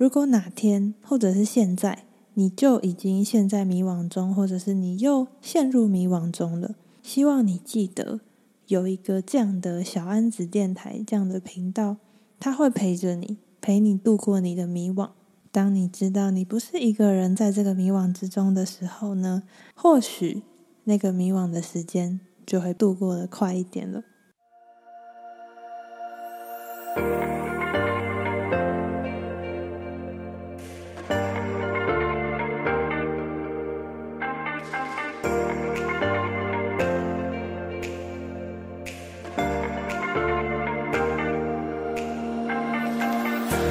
如果哪天，或者是現在，你就已經陷在迷惘中，或者是你又陷入迷惘中了，希望你記得有一個這樣的小安子電台這樣的頻道，他會陪着你，陪你度過你的迷惘。當你知道你不是一個人在這個迷惘之中的時候呢，或許那個迷惘的時間就會度過得快一點了。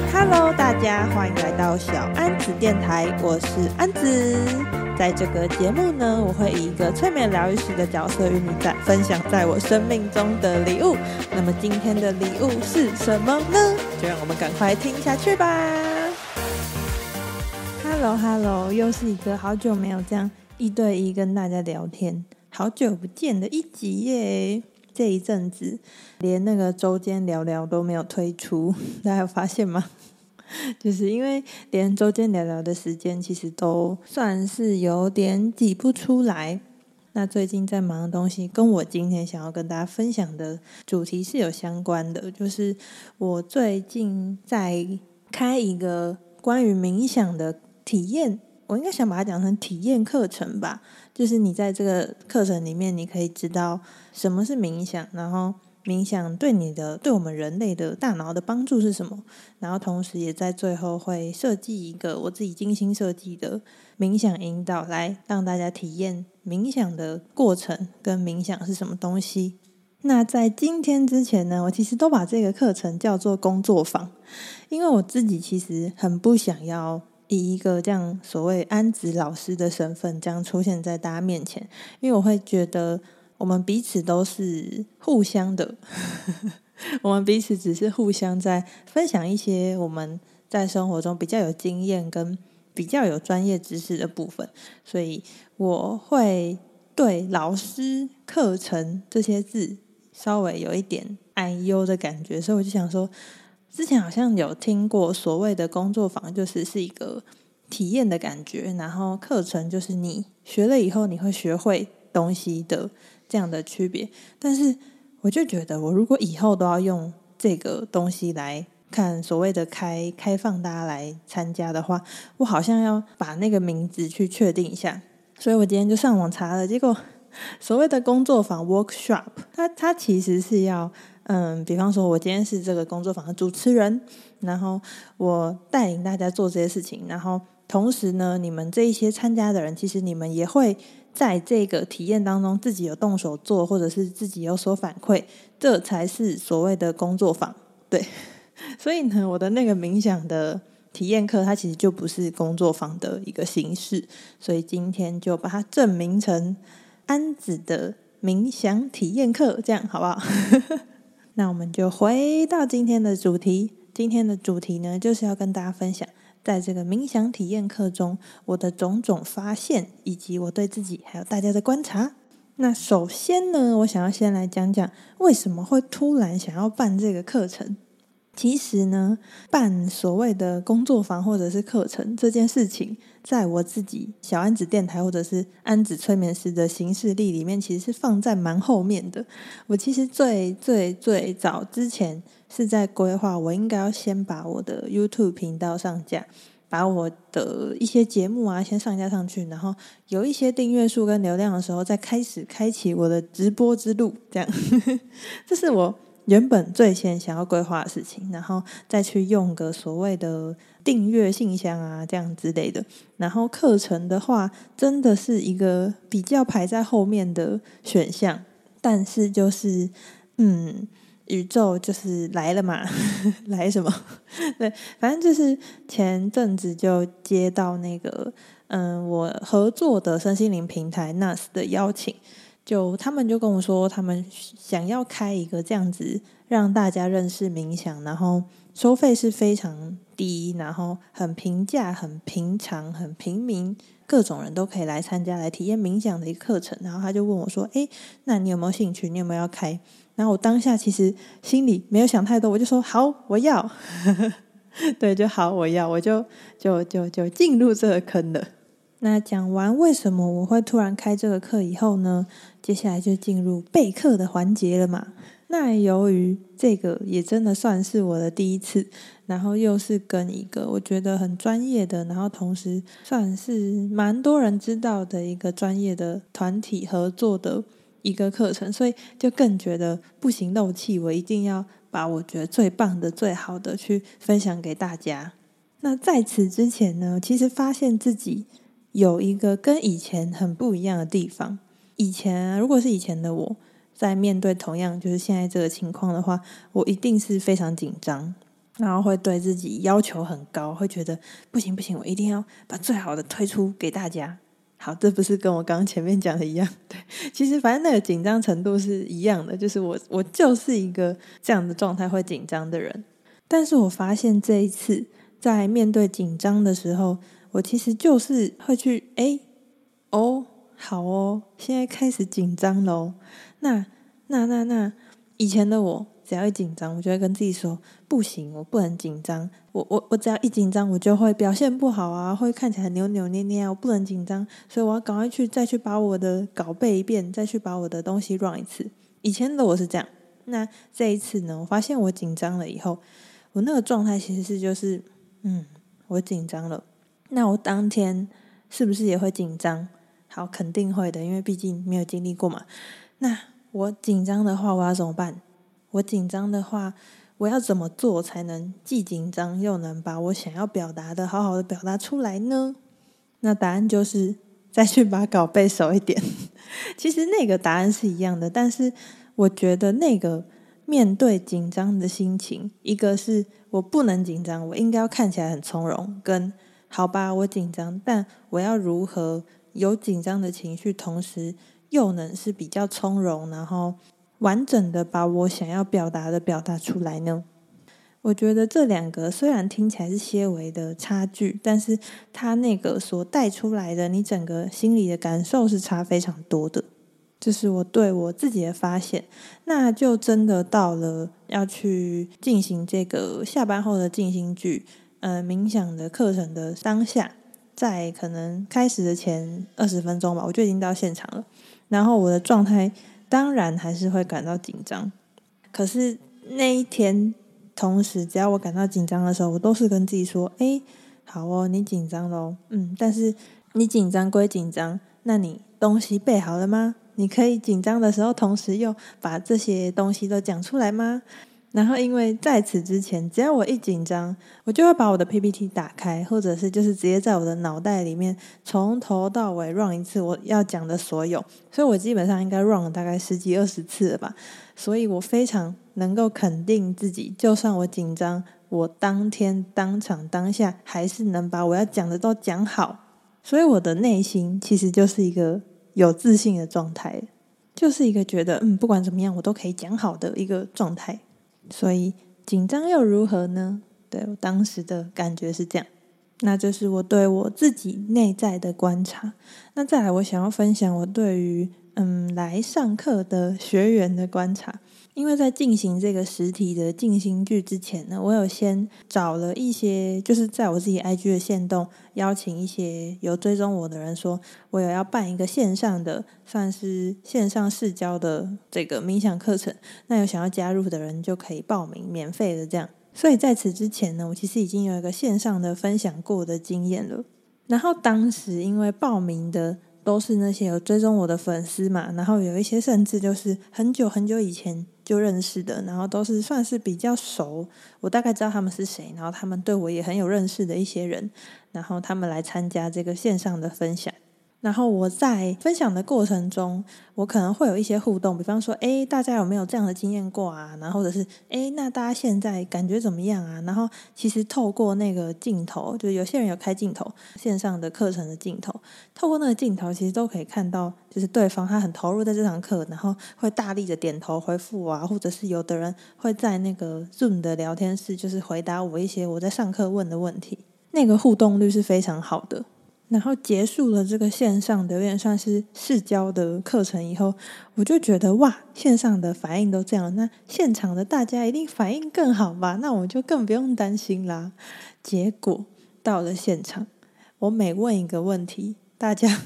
Hello，大家歡迎來到小安子電台，我是安子。在這個節目呢，我會以一個催眠療癒師的角色與你，在分享在我生命中的禮物。那麼今天的禮物是什麼呢？就讓我們趕快聽下去吧。Hello，Hello，hello, 又是一個好久沒有這樣一對一跟大家聊天，好久不見的一集耶。這一陣子，連那個周間聊聊都沒有推出，大家有發現嗎？就是因為連周間聊聊的時間其實都算是有點擠不出來。那最近在忙的東西，跟我今天想要跟大家分享的主題是有相關的，就是我最近在開一個關於冥想的體驗。我應該想把它講成體驗課程吧，就是你在這個課程裡面，你可以知道什麼是冥想，然後冥想對你的、對我們人類的大腦的幫助是什麼，然後同時也在最後會設計一個我自己精心設計的冥想引導，來讓大家體驗冥想的過程跟冥想是什麼東西。那在今天之前呢，我其實都把這個課程叫做工作坊，因為我自己其實很不想要。以一個這樣所謂安子老師的身份，這樣出現在大家面前，因為我會覺得我們彼此都是互相的， 我們彼此只是互相在分享一些我們在生活中比較有經驗跟比較有專業知識的部分，所以我會對老師、課程這些字稍微有一點擔憂的感覺，所以我就想說，之前好像有聽過所謂的工作坊，就是是一個體驗的感覺，然後課程就是你學了以後你會學會東西的這樣的區別。但是我就覺得，我如果以後都要用這個東西來看所謂的開開放，大家來參加的話，我好像要把那個名字去確定一下。所以我今天就上網查了，結果。所謂的工作坊 （workshop），它它其實是要，嗯，比方說，我今天是這個工作坊的主持人，然後我帶領大家做這些事情，然後同時呢，你們這一些參加的人，其實你們也會在這個體驗當中自己有動手做，或者是自己有所反饋，這才是所謂的工作坊。對，所以呢，我的那個冥想的體驗課，它其實就不是工作坊的一個形式，所以今天就把它正名成。安子的冥想體驗課，這樣好不好？ 那我們就回到今天的主題。今天的主題呢，就是要跟大家分享，在這個冥想體驗課中，我的種種發現，以及我對自己還有大家的觀察。那首先呢，我想要先來講講，為什麼會突然想要辦這個課程。其實呢，辦所謂的工作坊或者是課程這件事情，在我自己小安子電台或者是安子催眠師的行事曆裡面，其實是放在蠻後面的。我其實最最最早之前是在規劃，我應該要先把我的 YouTube 頻道上架，把我的一些節目啊先上架上去，然後有一些訂閱數跟流量的時候，再開始開啟我的直播之路。這樣， 這是我。原本最先想要規劃的事情，然後再去用個所謂的訂閱信箱啊，這樣之類的。然後課程的話，真的是一個比較排在後面的選項。但是就是，嗯，宇宙就是來了嘛， 來什麼？對，反正就是前陣子就接到那個，嗯，我合作的身心靈平台納斯的邀請。就他們就跟我說，他們想要開一個這樣子讓大家認識冥想，然後收費是非常低，然後很平價、很平常、很平民，各種人都可以來參加來體驗冥想的一個課程。然後他就問我說：“哎，那你有沒有興趣？你有沒有要開？”然後我當下其實心裡沒有想太多，我就說：“好，我要。 ”對，就好，我要，我就就就就進入這個坑了。那講完為什麼我會突然開這個課以後呢？接下來就進入備課的環節了嘛。那由於這個也真的算是我的第一次，然後又是跟一個我覺得很專業的，然後同時算是蠻多人知道的一個專業的團體合作的一個課程，所以就更覺得不行漏氣，我一定要把我覺得最棒的、最好的去分享給大家。那在此之前呢，其實發現自己，有一個跟以前很不一樣的地方。以前啊，如果是以前的我，在面對同樣就是現在這個情況的話，我一定是非常緊張，然後會對自己要求很高，會覺得不行不行，我一定要把最好的推出給大家。好，這不是跟我剛剛前面講的一樣？對，其實反正那個緊張程度是一樣的，就是我我就是一個這樣的狀態會緊張的人。但是我發現這一次在面對緊張的時候。我其實就是會去哎，哦，好哦，現在開始緊張嘍。那那那那，以前的我只要一緊張，我就會跟自己說不行，我不能緊張。我我我只要一緊張，我就會表現不好啊，會看起來扭扭捏捏啊，我不能緊張，所以我要趕快去再去把我的稿背一遍，再去把我的東西 run 一次。以前的我是這樣，那這一次呢，我發現我緊張了以後，我那個狀態其實是就是嗯，我緊張了。那我當天是不是也會緊張？好，肯定會的，因為畢竟沒有經歷過嘛。那我緊張的話，我要怎麼辦？我緊張的話，我要怎麼做才能既緊張又能把我想要表達的好好的表達出來呢？那答案就是再去把稿背熟一點。 其實那個答案是一樣的，但是我覺得那個面對緊張的心情，一個是我不能緊張，我應該要看起來很從容，跟。好吧，我緊張，但我要如何有緊張的情緒，同時又能是比較從容，然後完整的把我想要表達的表達出來呢？我覺得這兩個雖然聽起來是些微的差距，但是它那個所帶出來的你整個心裡的感受是差非常多的，這、就是我對我自己的發現。那就真的到了要去進行這個下班後的靜心劇。呃，冥想的課程的當下，在可能開始的前二十分鐘吧，我就已經到現場了。然後我的狀態，當然還是會感到緊張。可是那一天，同時只要我感到緊張的時候，我都是跟自己說：“哎，好哦，你緊張嘍，嗯，但是你緊張歸緊張，那你東西備好了嗎？你可以緊張的時候，同時又把這些東西都講出來嗎？”然後，因為在此之前，只要我一緊張，我就會把我的 PPT 打開，或者是就是直接在我的腦袋裡面從頭到尾 run 一次我要講的所有。所以我基本上應該 run 了大概十幾二十次了吧。所以我非常能夠肯定自己，就算我緊張，我當天當場當下還是能把我要講的都講好。所以我的內心其實就是一個有自信的狀態，就是一個覺得嗯，不管怎麼樣，我都可以講好的一個狀態。所以緊張又如何呢？對我當時的感覺是這樣。那就是我對我自己內在的觀察。那再來，我想要分享我對於嗯，來上課的學員的觀察。因為在進行這個實體的靜心劇之前呢，我有先找了一些，就是在我自己 IG 的限動邀請一些有追蹤我的人說，說我有要辦一個線上的，算是線上試教的這個冥想課程。那有想要加入的人就可以報名，免費的這樣。所以在此之前呢，我其實已經有一個線上的分享過的經驗了。然後當時因為報名的都是那些有追蹤我的粉絲嘛，然後有一些甚至就是很久很久以前。就認識的，然後都是算是比較熟，我大概知道他們是誰，然後他們對我也很有認識的一些人，然後他們來參加這個線上的分享。然後我在分享的過程中，我可能會有一些互動，比方說，哎，大家有沒有這樣的經驗過啊？然後或者是，哎，那大家現在感覺怎麼樣啊？然後其實透過那個鏡頭，就有些人有開鏡頭線上的課程的鏡頭，透過那個鏡頭，其實都可以看到，就是對方他很投入在這堂課，然後會大力的點頭回復我，啊，或者是有的人會在那個 Zoom 的聊天室，就是回答我一些我在上課問的問題，那個互動率是非常好的。然後結束了這個線上的，有點算是試教的課程以後，我就覺得哇，線上的反應都這樣，那現場的大家一定反應更好吧？那我就更不用擔心啦。結果到了現場，我每問一個問題，大家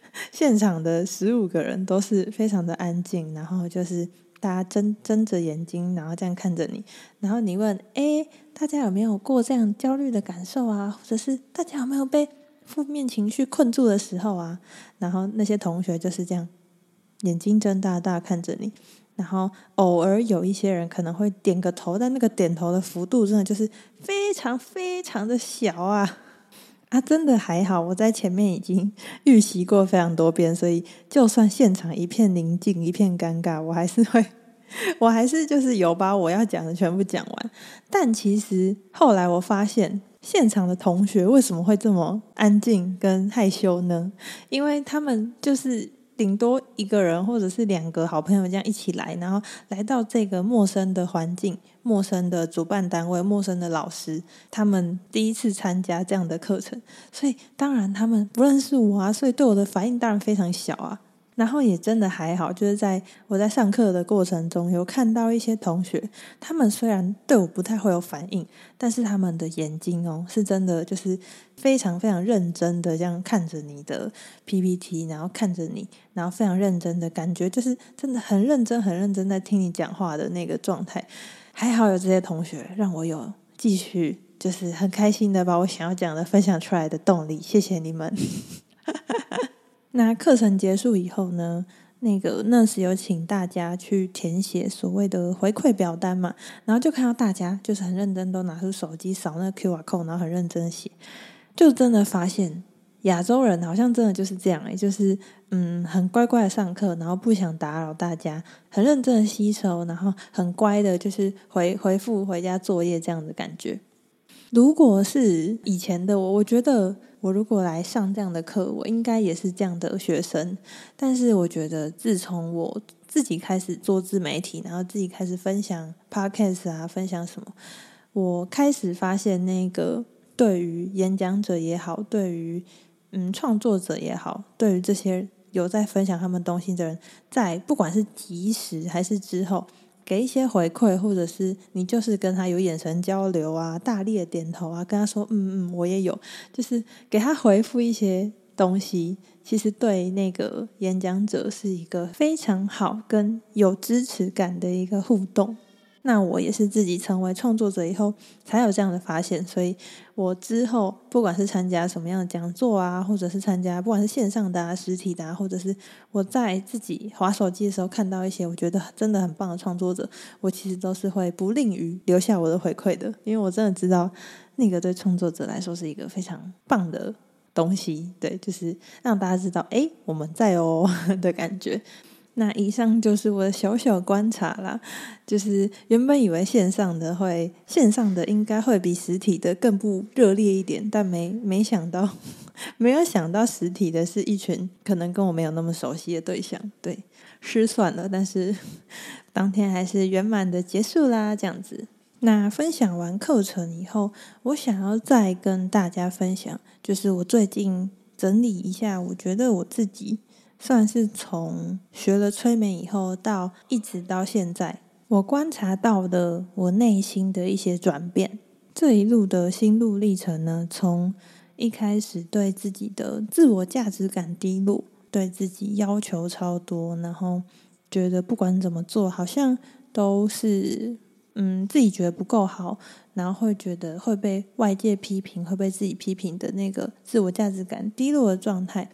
現場的十五個人都是非常的安靜，然後就是大家睜睜着眼睛，然後這樣看着你，然後你問哎，大家有沒有過這樣焦慮的感受啊？或者是大家有沒有被？負面情緒困住的時候啊，然後那些同學就是這樣，眼睛睜大大看着你，然後偶爾有一些人可能會點個頭，但那個點頭的幅度真的就是非常非常的小啊。啊，真的還好，我在前面已經預習過非常多遍，所以就算現場一片寧靜、一片尷尬，我還是會，我還是就是有把我要講的全部講完。但其實後來我發現。現場的同學為什麼會這麼安靜跟害羞呢？因為他們就是頂多一個人或者是兩個好朋友這樣一起來，然後來到這個陌生的環境、陌生的主辦單位、陌生的老師，他們第一次參加這樣的課程，所以當然他們不認識我啊，所以對我的反應當然非常小啊。然後也真的還好，就是在我在上課的過程中，有看到一些同學，他們雖然對我不太會有反應，但是他們的眼睛哦，是真的，就是非常非常認真的這樣看着你的 PPT，然後看着你，然後非常認真的感覺，就是真的很認真、很認真在聽你講話的那個狀態。還好有這些同學，讓我有繼續就是很開心的把我想要講的分享出來的動力。謝謝你們。 那課程結束以後呢，那個那時有請大家去填寫所謂的回饋表單嘛，然後就看到大家就是很認真，都拿出手機掃那個 QR code，然後很認真寫，就真的發現亞洲人好像真的就是這樣哎、欸，就是嗯，很乖乖的上課，然後不想打擾大家，很認真的吸收，然後很乖的，就是回回復回家作業這樣的感覺。如果是以前的我，我覺得。我如果來上這樣的課，我應該也是這樣的學生。但是我覺得，自從我自己開始做自媒體，然後自己開始分享 podcast 啊，分享什麼，我開始發現，那個對於演講者也好，對於嗯創作者也好，對於這些有在分享他們東西的人，在不管是即時還是之後。給一些回饋，或者是你就是跟他有眼神交流啊，大力的點頭啊，跟他說嗯嗯，我也有，就是給他回復一些東西，其實對那個演講者是一個非常好跟有支持感的一個互動。那我也是自己成為創作者以後才有這樣的發現，所以我之後不管是參加什麼樣的講座啊，或者是參加不管是線上的啊、實體的啊，或者是我在自己滑手機的時候看到一些我覺得真的很棒的創作者，我其實都是會不吝於留下我的回饋的，因為我真的知道那個對創作者來說是一個非常棒的東西，對，就是讓大家知道哎，我們在哦的感覺。那以上就是我的小小觀察啦，就是原本以為線上的會線上的應該會比實體的更不熱烈一點，但沒沒想到，沒有想到實體的是一群可能跟我沒有那麼熟悉的對象，對，失算了。但是當天還是圓滿的結束啦，這樣子。那分享完課程以後，我想要再跟大家分享，就是我最近整理一下，我覺得我自己。算是從學了催眠以後到一直到現在，我觀察到的我內心的一些轉變。這一路的心路歷程呢，從一開始對自己的自我價值感低落，對自己要求超多，然後覺得不管怎麼做好像都是嗯自己覺得不夠好，然後會覺得會被外界批評，會被自己批評的那個自我價值感低落的狀態。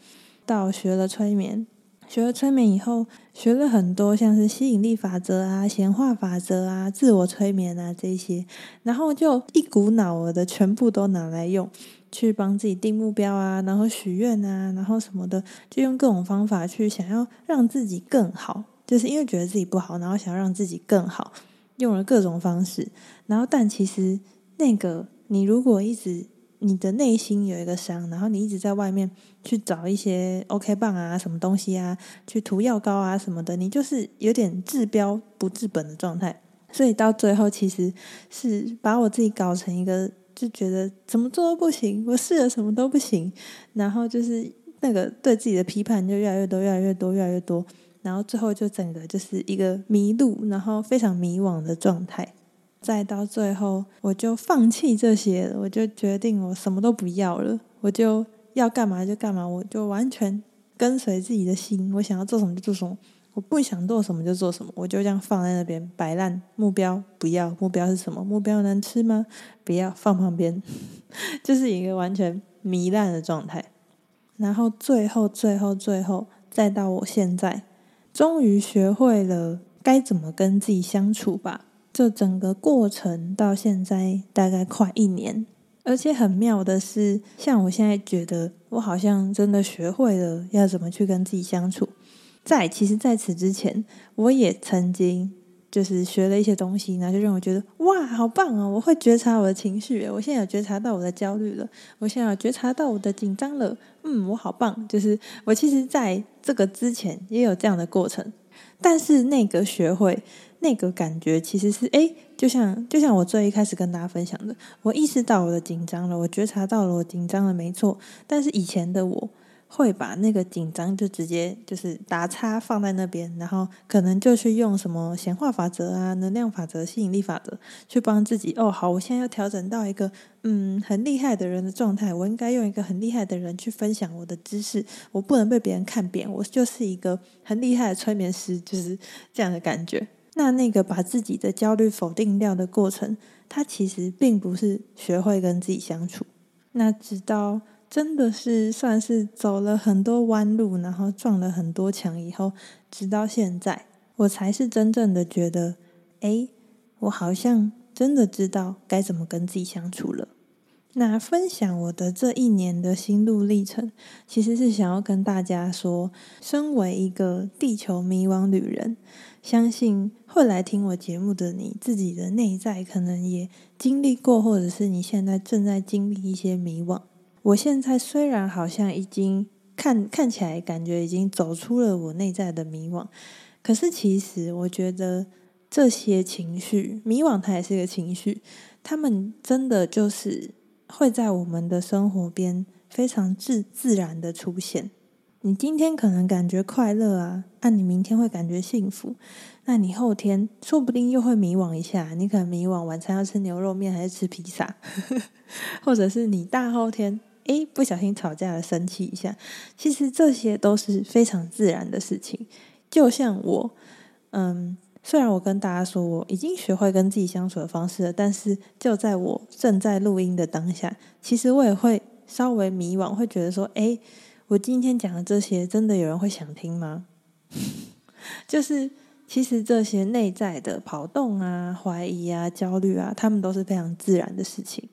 到學了催眠，學了催眠以後，學了很多像是吸引力法則啊、顯化法則啊、自我催眠啊這些，然後就一股腦兒的全部都拿來用，去幫自己定目標啊，然後許願啊，然後什麼的，就用各種方法去想要讓自己更好，就是因為覺得自己不好，然後想要讓自己更好，用了各種方式，然後但其實那個你如果一直。你的內心有一個傷，然後你一直在外面去找一些 OK 棒啊、什麼東西啊，去塗藥膏啊什麼的，你就是有點治標不治本的狀態，所以到最後其實是把我自己搞成一個就覺得怎麼做都不行，我試了什麼都不行，然後就是那個對自己的批判就越來越多、越來越多、越來越多，然後最後就整個就是一個迷路，然後非常迷惘的狀態。再到最後，我就放棄這些，我就決定我什麼都不要了，我就要幹嘛就幹嘛，我就完全跟隨自己的心，我想要做什麼就做什麼，我不想做什麼就做什麼，我就這樣放在那邊擺爛。目標不要，目標是什麼？目標能吃嗎？不要，放旁邊， 就是一個完全糜爛的狀態。然後最後最後最後，再到我現在，終於學會了該怎麼跟自己相處吧。這整個過程到現在大概快一年，而且很妙的是，像我現在覺得，我好像真的學會了要怎麼去跟自己相處。在其實，在此之前，我也曾經就是學了一些東西，然後就讓我覺得哇，好棒哦！我會覺察我的情緒，我現在有覺察到我的焦慮了，我現在有覺察到我的緊張了，嗯，我好棒。就是我其實在這個之前也有這樣的過程，但是那個學會。那個感覺其實是哎，就像就像我最一開始跟大家分享的，我意識到我的緊張了，我覺察到了我緊張了，沒錯。但是以前的我會把那個緊張就直接就是打叉放在那邊，然後可能就去用什麼顯化法則啊、能量法則、吸引力法則去幫自己。哦，好，我現在要調整到一個嗯很厲害的人的狀態，我應該用一個很厲害的人去分享我的知識，我不能被別人看扁，我就是一個很厲害的催眠師，就是這樣的感覺。那那個把自己的焦慮否定掉的過程，它其實並不是學會跟自己相處。那直到真的是算是走了很多彎路，然後撞了很多牆以後，直到現在，我才是真正的覺得，哎，我好像真的知道該怎麼跟自己相處了。那分享我的這一年的心路歷程，其實是想要跟大家說，身為一個地球迷惘女人。相信會來聽我節目的你，自己的內在可能也經歷過，或者是你現在正在經歷一些迷惘。我現在雖然好像已經看看起來感覺已經走出了我內在的迷惘，可是其實我覺得這些情緒，迷惘它也是一個情緒，它們真的就是會在我們的生活邊非常自自然的出現。你今天可能感覺快樂啊，那、啊、你明天會感覺幸福，那你後天說不定又會迷惘一下，你可能迷惘晚餐要吃牛肉麵還是吃披薩， 或者是你大後天哎，不小心吵架了生氣一下，其實這些都是非常自然的事情。就像我，嗯，雖然我跟大家說我已經學會跟自己相處的方式了，但是就在我正在錄音的當下，其實我也會稍微迷惘，會覺得說哎。誒我今天講的這些，真的有人會想聽嗎？ 就是，其實這些內在的跑動啊、懷疑啊、焦慮啊，他們都是非常自然的事情。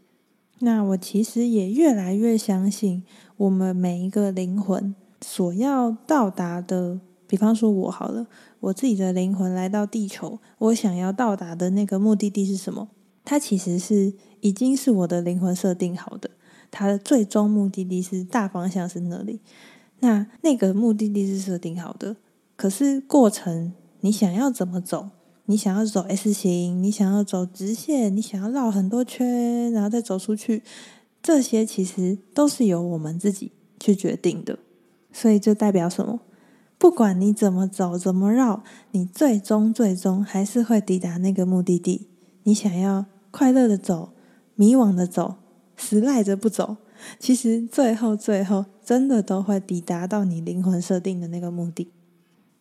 那我其實也越來越相信，我們每一個靈魂所要到達的，比方說我好了，我自己的靈魂來到地球，我想要到達的那個目的地是什麼？它其實是已經是我的靈魂設定好的。它的最終目的地是大方向是那裡，那那個目的地是設定好的。可是過程，你想要怎麼走？你想要走 S 型？你想要走直線？你想要繞很多圈，然後再走出去？這些其實都是由我們自己去決定的。所以就代表什麼？不管你怎麼走，怎麼繞，你最終最終還是會抵達那個目的地。你想要快樂的走，迷惘的走。死賴着不走，其實最後最後真的都會抵達到你靈魂設定的那個目的，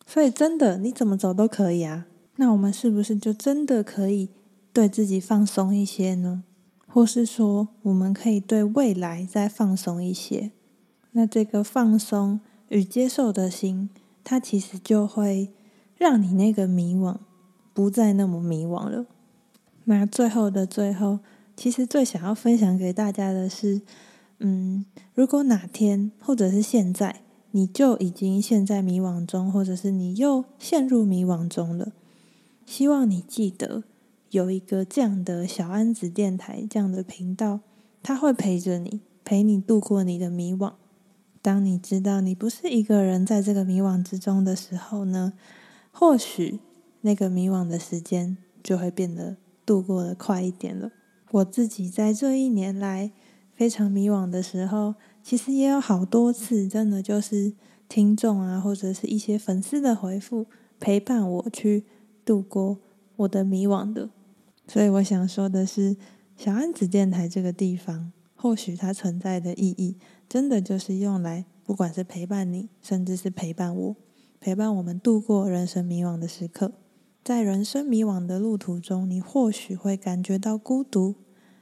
所以真的你怎麼走都可以啊。那我們是不是就真的可以對自己放鬆一些呢？或是說我們可以對未來再放鬆一些？那這個放鬆與接受的心，它其實就會讓你那個迷惘不再那麼迷惘了。那最後的最後。其實最想要分享給大家的是，嗯，如果哪天或者是現在，你就已經陷在迷惘中，或者是你又陷入迷惘中了，希望你記得有一個這樣的小安子電台這樣的頻道，它會陪着你，陪你度過你的迷惘。當你知道你不是一個人在這個迷惘之中的時候呢，或許那個迷惘的時間就會變得度過的快一點了。我自己在這一年來非常迷惘的時候，其實也有好多次，真的就是聽眾啊，或者是一些粉絲的回復，陪伴我去度過我的迷惘的。所以我想說的是，小安子電台這個地方，或許它存在的意義，真的就是用來，不管是陪伴你，甚至是陪伴我，陪伴我們度過人生迷惘的時刻。在人生迷惘的路途中，你或許會感覺到孤獨，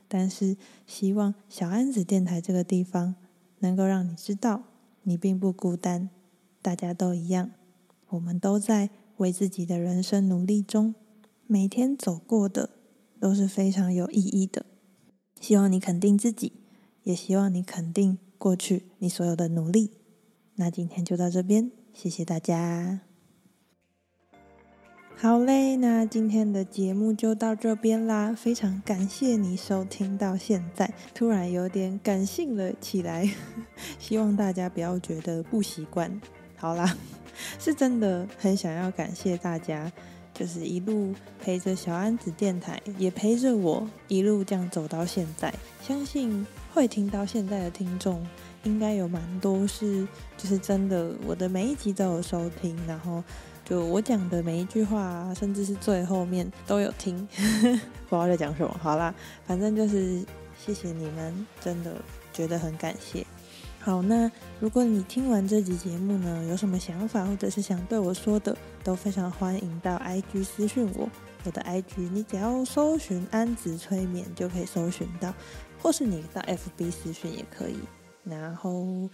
但是希望小安子電台這個地方能夠讓你知道，你並不孤單。大家都一樣，我們都在為自己的人生努力中，每天走過的都是非常有意義的。希望你肯定自己，也希望你肯定過去你所有的努力。那今天就到這邊，謝謝大家。好嘞，那今天的節目就到這邊啦。非常感謝你收聽到現在，突然有點感性了起來。希望大家不要覺得不習慣。好啦，是真的很想要感謝大家，就是一路陪着小安子電台，也陪着我一路這樣走到現在。相信會聽到現在的聽眾，應該有蠻多是，就是真的，我的每一集都有收聽，然後。就我講的每一句話，甚至是最後面都有聽，呵呵，不知道在講什麼。好啦，反正就是謝謝你們，真的覺得很感謝。好，那如果你聽完這集節目呢，有什麼想法或者是想對我說的，都非常歡迎到 IG 私訊我，我的 IG 你只要搜尋安子催眠就可以搜尋到，或是你到 FB 私訊也可以。然後。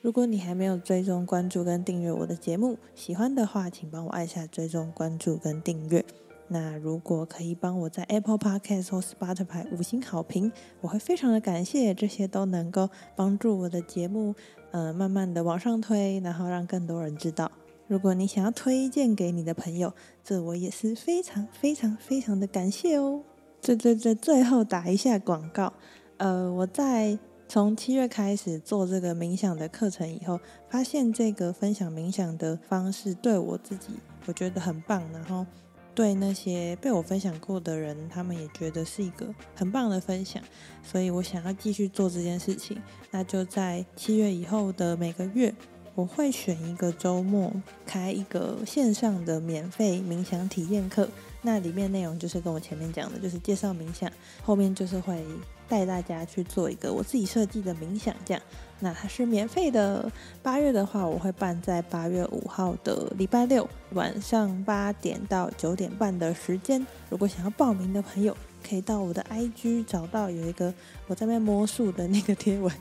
如果你還沒有追蹤、關注跟訂閱我的節目，喜歡的話，請幫我按下追蹤、關注跟訂閱。那如果可以幫我在 Apple Podcast 或 Spotify 五星好評，我會非常的感謝。這些都能夠幫助我的節目，呃，慢慢的往上推，然後讓更多人知道。如果你想要推薦給你的朋友，這我也是非常、非常、非常的感謝哦。對對對，最後打一下廣告。呃，我在。從七月開始做這個冥想的課程以後，發現這個分享冥想的方式對我自己我覺得很棒，然後對那些被我分享過的人，他們也覺得是一個很棒的分享，所以我想要繼續做這件事情。那就在七月以後的每個月，我會選一個週末開一個線上的免費冥想體驗課，那裡面內容就是跟我前面講的，就是介紹冥想，後面就是會。帶大家去做一個我自己設計的冥想，這樣，那它是免費的。八月的話，我會辦在八月五號的禮拜六晚上八點到九點半的時間。如果想要報名的朋友，可以到我的 IG 找到有一個我在面魔術的那個貼文，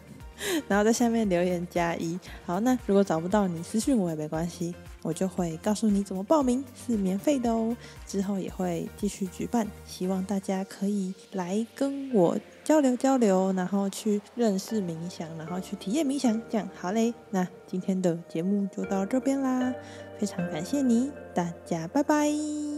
然後在下面留言加一。好，那如果找不到你私訊我也沒關係，我就會告訴你怎麼報名，是免費的哦。之後也會繼續舉辦，希望大家可以來跟我。交流交流，然後去認識冥想，然後去體驗冥想，這樣，好嘞。那今天的節目就到這邊啦，非常感謝你，大家拜拜。